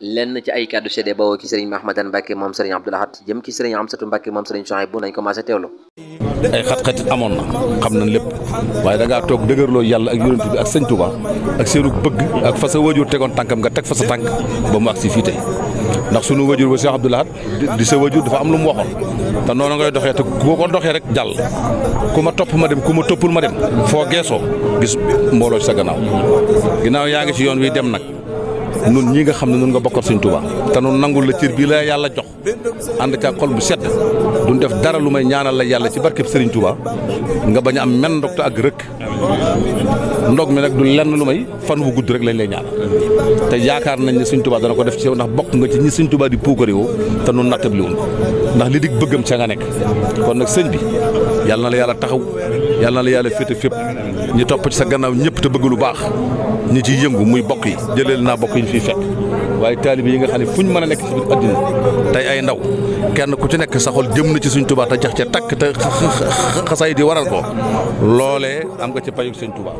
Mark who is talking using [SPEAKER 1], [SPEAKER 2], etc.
[SPEAKER 1] lenn ci ay kàddu seede bawoo ci sëriñ Mahmadan Mbacke moom sëriñ Abdoul Ahad jëm ci sëriñ Amsatu Mbacke moom sëriñ Soxay ay xat-xatit amoon na xam na lépp waaye da ngaa toog dëgërloo yàlla ak yonent bi ak sëñ Touba ak seenu bëgg ak fa sa wajur tegoon tànkam nga teg fa sa tànk ba mu àgg si fii tey ndax sunu wajur ba Cheikh Abdoul Ahad di sa wajur dafa am lu mu waxoon te noonu ngay doxee te boo ko doxee rek jàll ku ma topp ma dem ku ma toppul ma dem foo geesoo gis mbooloo sa gannaaw ginnaaw yaa ngi ci yoon wi dem nag nun ñi nga xam ne nun nga bokkat suñ Tuubaa te nun nangul la cër bii la yàlla jox ànd ca xol bu sedd duñ def dara lu may ñaanal la yàlla ci barkeb Sëriñ Tuubaa nga bañ am men ndog te ak rëkk ndog mi nag du lenn lu may fan wu gudd rek lañ lay ñaan te yaakaar nañ ne suñ Tuubaa dana ko def ci yow ndax bokk nga ci ñi suñ Tuubaa di puukariwoo te nun nattab li wun ndax li dig bëggam ca nga nekk kon nag sëñ bi yàlla na la yàlla taxaw yàlla na la yàlla féete fépp ñi topp ci sa gannaaw ñëpp te bëgg lu baax ñi ciy yëngu muy bokk yi jëleel naa bokk yi ñu fiy fekk waaye taalibe yi nga xam ne fu ñu mën a nekk ci biir addina tey ay ndaw kenn ku ci nekk sa xol jëm na ci suñ tubaa te jax ca takk te xasaay di waral ko loolee am nga ci payug sëñ tubaa